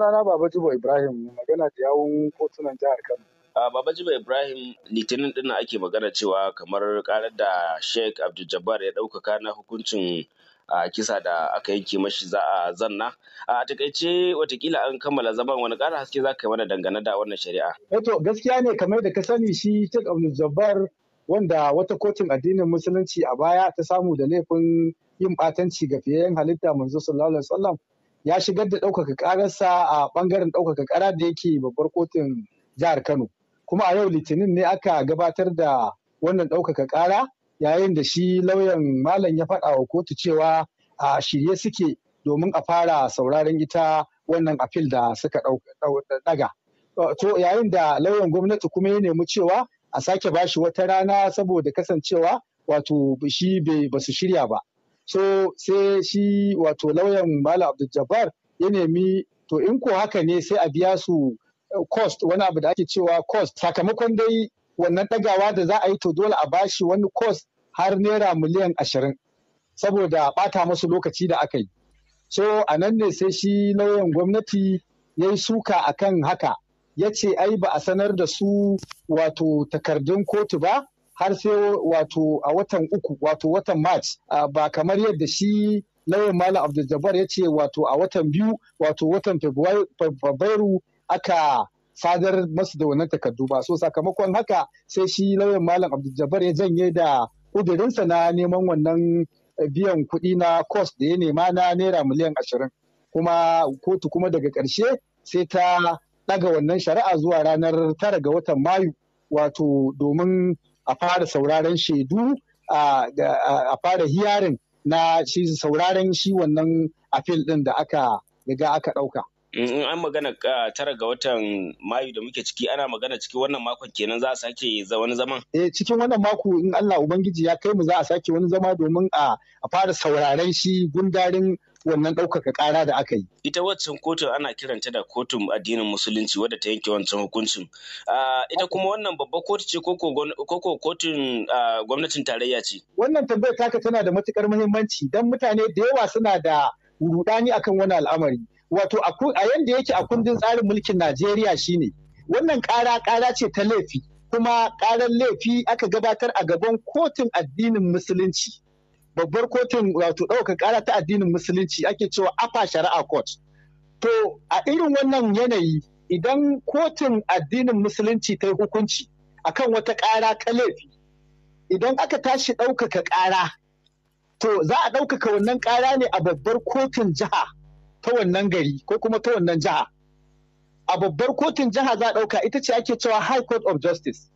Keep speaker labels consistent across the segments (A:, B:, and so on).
A: sunana Baba Jibo Ibrahim magana da yawun kotunan jihar Kano.
B: Uh, Baba Jibo Ibrahim litinin din ake magana cewa kamar karar da Sheikh Abdul Jabbar ya ɗaukaka na hukuncin a kisa da aka yanke mashi za a zanna a takaice watakila an kammala zaman wani ƙara haske za ka yi mana dangane da wannan shari'a.
A: Wato, eh gaskiya ne kamar da ka sani shi Sheikh Abdul Jabbar wanda wata kotun addinin musulunci a baya ta samu da laifin yin batanci ga fiye halitta manzo sallallahu alaihi wasallam ya shigar da ɗaukaka ƙararsa a ɓangaren ɗaukaka ƙara da yake babbar kotun jihar Kano. Kuma a yau Litinin ne aka gabatar da wannan ɗaukaka ƙara yayin da shi lauyan malam ya faɗa wa kotu cewa a shirye suke domin a fara sauraron ita wannan afil da suka ɗaga. To yayin da lauyan gwamnati kuma ya nemi cewa a sake bashi wata rana saboda kasancewa wato shi ba su shirya ba. so sai shi wato lauyan malam abdul ya nemi to in ko haka ne sai a biya su eh, cost wani abu da ake cewa cost sakamakon dai wannan dagawa da za a yi to dole a bashi wani cost har naira miliyan ashirin saboda ɓata masu lokaci da aka yi so a nan ne sai shi lauyan gwamnati ya yi suka akan haka ya ce ai ba a sanar da su wato takardun kotu ba har sai wato a watan uku wato watan march ba kamar yadda shi lauyan malam abdul jabbar ya ce wato a watan biyu wato watan fabrairu aka sadar masu da wannan takardu ba so sakamakon haka sai shi lauyan malam abdul jabbar ya janye da ƙudurinsa na neman wannan biyan kuɗi na cost da ya nema na naira miliyan ashirin kuma kotu kuma daga ƙarshe sai ta ɗaga wannan shari'a zuwa ranar tara ga watan mayu wato domin a fara sauraron shaidu a fara hiyarin na shi sauraron shi wannan afil ɗin da aka riga aka ɗauka.
B: in an magana tara ga watan mayu da muke ciki ana magana cikin wannan makon kenan za a sake wani zaman
A: eh cikin wannan mako in Allah ubangiji ya kai mu za a sake wani zama domin a fara sauraren shi gundarin wannan ɗaukaka ƙara da aka yi.
B: Ita wancan kotun ana kiranta da kotun addinin musulunci wadda ta yanke wancan hukuncin. Ah, ita kuma wannan babbar kotu ce koko kotun ah, gwamnatin tarayya ce.
A: Wannan tambayar taka tana da matuƙar muhimmanci don mutane da yawa suna da rudani akan wani al'amari. Wato a yanda yake a kundin tsarin mulkin Najeriya shine wannan ƙara ƙara ce ta laifi kuma ƙarar laifi aka gabatar a gaban kotun addinin musulunci. babbar kotun wato ɗaukar ƙara ta addinin musulunci ake cewa afa shari'a court to a irin wannan yanayi idan kotun addinin musulunci ta yi hukunci akan wata ƙara ta laifi idan aka tashi ɗaukaka ƙara to za a ɗaukaka wannan ƙara ne a babbar kotun jiha ta wannan gari ko kuma ta wannan jiha a babbar kotun jiha za a ɗauka ita ce ake cewa high court of justice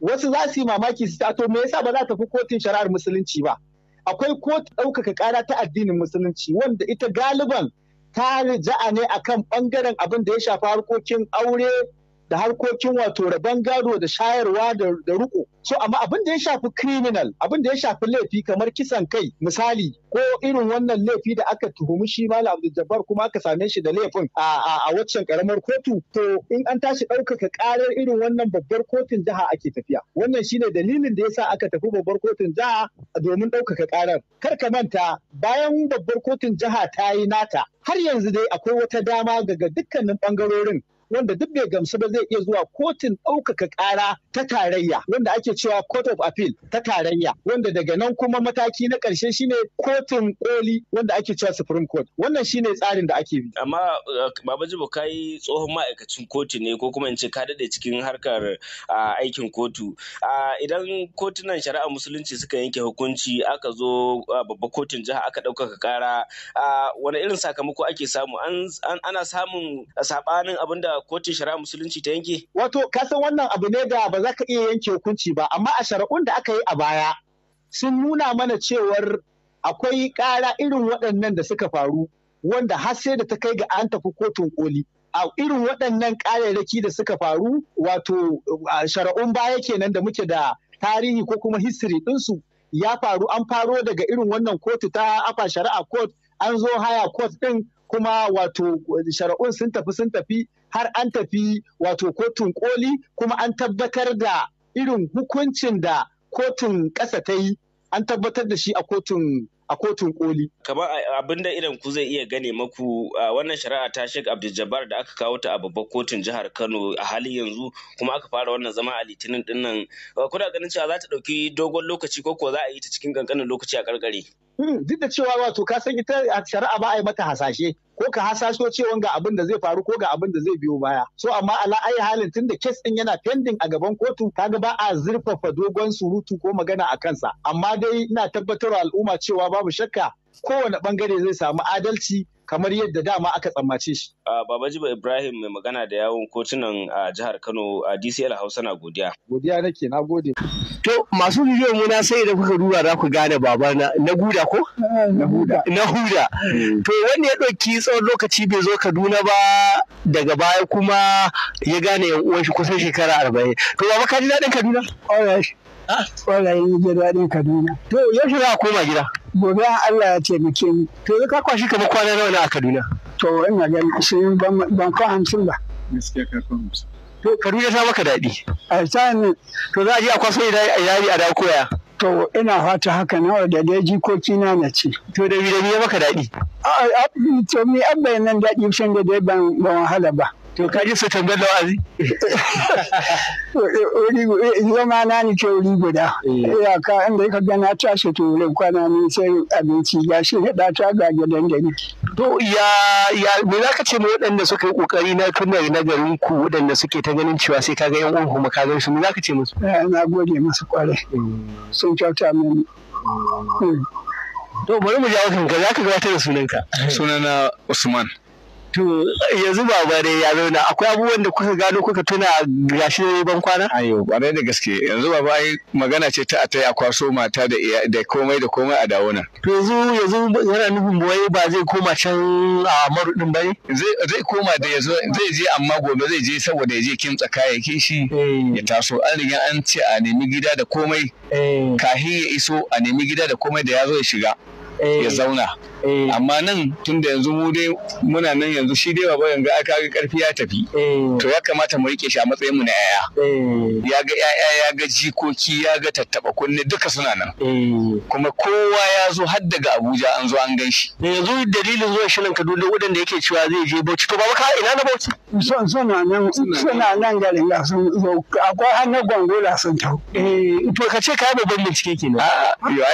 A: wasu za su yi mamaki su to me yasa ba za ta fi kotun shari'ar musulunci ba akwai kotu ɗaukaka ƙara ta addinin musulunci wanda ita galiban ta rija'a ne akan ɓangaren abin da ya shafi harkokin aure da harkokin wato rabon gado da shayarwa da Ruko. so amma abin da ya shafi criminal abin da ya shafi laifi kamar kisan kai misali ko irin wannan laifi da aka tuhumi shi malam abdul kuma aka same shi da laifin a waccan karamar kotu to in an tashi ɗaukaka karar irin wannan babbar kotun jiha ake tafiya wannan shine dalilin da yasa aka tafi babbar kotun jiha domin ɗaukaka karar kar ka manta bayan babbar kotun jiha ta yi nata har yanzu dai akwai wata dama daga dukkanin bangarorin wanda duk bai gamsu ba zai iya zuwa kotun ɗaukaka ƙara ta tarayya wanda ake cewa court of appeal ta tarayya wanda daga nan kuma mataki na ƙarshe shine kotun koli wanda ake cewa supreme court wannan shine tsarin da ake bi
B: amma uh, baba jibo kai tsohon ma'aikacin kotu ne ko kuma in ce ka dade cikin harkar uh, aikin kotu uh, idan kotunan shari'a musulunci suka yanke hukunci aka zo babba kotun jiha aka ɗaukaka ƙara wani irin sakamako ake samu ana samun saɓanin abinda kotun shari'a musulunci ta yanke?
A: Wato kasan wannan abu ne da ba za ka iya yanke hukunci ba amma a shari'un da aka yi a baya sun nuna mana cewar akwai ƙara irin waɗannan da suka faru wanda har sai da ta kai ga an tafi kotun koli. a irin waɗannan ƙararraki da suka faru wato shari'un baya kenan da muke da tarihi ko kuma history ɗinsu ya faru an faro daga irin wannan kotu ta afa shari'a kot, an zo haya kot ɗin kuma wato shari'un sun tafi sun tafi har an tafi wato kotun koli kuma an tabbatar da irin hukuncin da kotun ƙasa ta yi an tabbatar da shi a kotun a kotun koli.
B: Kamar abinda da idan ku zai iya gane maku wannan shari'a ta Sheikh Abdul da aka kawo ta a babbar kotun jihar Kano a halin yanzu kuma aka fara wannan zama a Litinin din nan. Kuna ganin cewa za ta ɗauki dogon lokaci ko ko za a yi ta cikin kankanin lokaci a karkare.
A: Hmm, duk da cewa wato ka san ita shari'a ba a yi mata hasashe. ko ka hasasho cewa ga abin da zai faru ko ga abin da zai biyo baya so amma ala ayi halin tun da kes din yana pending a gaban kotu kaga ba a zurfafa dogon surutu ko magana a kansa amma dai ina tabbatar al'umma cewa babu shakka kowane bangare zai samu adalci kamar yadda dama aka tsammace shi.
B: jiba Ibrahim mai magana da yawon kotunan a jihar Kano a DCL Hausa na godiya.
C: Godiya nake na gode. To masu bidiyon muna na sai da kuka duba za ku gane baba na guda ko? Na huda. Na huda. To wanda ya ɗauki tsawon lokaci bai zo Kaduna ba daga baya kuma ya gane yan uwan shi kusan shekara arba'in. To baba ka ji daɗin Kaduna? Ƙwarai. Ah. Ƙwarai ji daɗin Kaduna. To yaushe za a koma gida? gobe Allah ya taimake mu to ka kwashi kamar kwana nawa a Kaduna to ina ga sun ban ka hamsin ba gaskiya ka to Kaduna ta maka daɗi a can to za a je a kwaso yari a dawo koya to ina fata haka nawa da dai jikoki na na ce to da bi da ya maka daɗi to ni abba nan daɗi shan da dai ban wahala ba To ka ji su tambayar da wa'azi? Eh, zama na ni ke wuri guda. Ya eh. ka inda ka gana ta su to kwana ni sai abinci ya shi da ta ga gidan gari. To ya ya me za ka ce ma waɗanda suka yi ƙoƙari na tunna na garin ku waɗanda suke ta ganin cewa sai ka ga yan uwan kuma ka gan su me za ka ce musu? Eh, na gode musu kwarai. Mm. Sun kyauta mini. Mm. To bari mu jawo kanka za ka gabatar da sunanka. Sunana Usman. To yanzu baba dai ya zauna akwai abubuwan da kuka gano kuka tuna gashi da ban kwana? Ayo dai da gaske yanzu baba ba magana ce ta atai a kwaso mata da da komai da komai a dawo na. To yanzu yanzu yana nufin boye ba zai koma can a maru din bane? Zai zai koma da yanzu zai je amma gobe zai je saboda ya je kin tsakaya ke shi eh. ya taso an riga an ce a nemi gida da komai eh. kahin ya iso a nemi gida da komai da ya zo ya shiga ya eh. zauna. Eh. amma nan tun da yanzu mu dai muna nan yanzu shi dai baba yanzu aka ga karfi ya tafi eh. to ya kamata mu rike shi a matsayin mu na yaya eh. ya ga yaya ya ga jikoki ya ga tattaba kunne duka suna nan kuma kowa ya zo har daga Abuja an zo an gan shi yanzu dalilin zuwa shi nan Kaduna wadanda yake cewa zai je Bauchi to baba ka ina na Bauchi suna nan suna nan garin ga sun zo akwai hannun gongola sun tau to ka ce ka yi babban bincike kenan A'a, ah, yo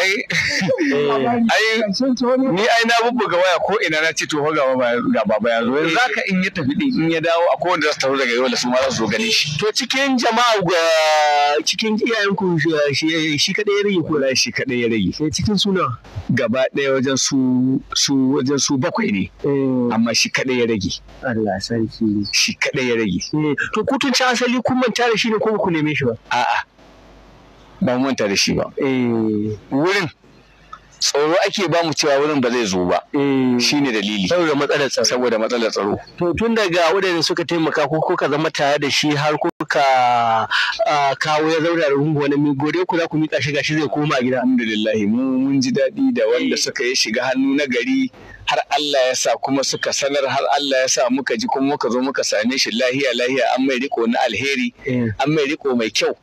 C: ai ai ni ai na bubbuga waya ko ina na ce to ga ga baba ya zo yanzu zaka eh. in ya tafi din in ya dawo akwai wanda za su taru daga yau da su ma za su gane shi to cikin jama'a cikin iyayen ku shi kadai ya rage ko la shi kadai ya rage sai eh, cikin suna gaba daya wajen su su wajen su bakwai ne eh. amma shi kadai ya rage Allah sarki shi kadai ya rage to kutun ci asali kun manta da shi ne ko ku neme shi ba a'a ba mun manta da shi ba eh wurin tsoro ake ba mu cewa wurin ba zai zo ba mm. shine dalili saboda matsalar tsaro saboda matsalar tsaro to tun daga wadanda suka taimaka ko kuka zama tare da shi har kuka kawo ya zauna da rungu wani mai gode ku za ku mika shi gashi zai koma gida alhamdulillah mu mun ji daɗi da wanda eh. suka yi shiga hannu na gari har Allah ya sa kuma suka sanar har Allah ya sa muka ji kuma muka zo muka same shi lahiya lahiya an mai riko na alheri eh. an mai riko mai kyau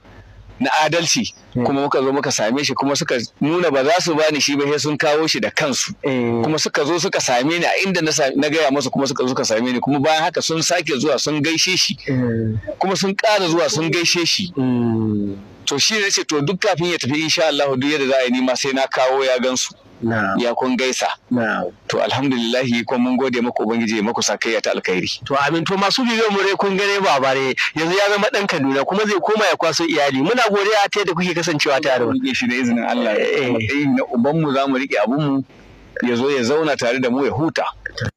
C: na adalci hmm. kuma muka zo muka same shi kuma suka nuna ba za su bani shi ba sai sun kawo shi da kansu eh. kuma suka zo suka same ni a inda na gaya musu kuma suka zo suka same ni kuma bayan haka sun sake zuwa sun gaishe shi eh. kuma sun ƙara zuwa sun gaishe shi hmm. to shi ne ce to duk kafin ya tafi insha Allah duk yadda za a yi nima sai na kawo ya gansu ya kun gaisa to alhamdulillah kuma mun gode maku ubangiji maku kai ta alkhairi to amin to masu bibiyo mu dai kun gane ba bare yanzu ya zama dan Kaduna kuma zai koma ya kwaso iyali muna godiya ta yadda kuke kasancewa tare da shi da izinin Allah eh, eh. na uban mu za mu rike abun mu ya zo ya zauna tare da mu ya huta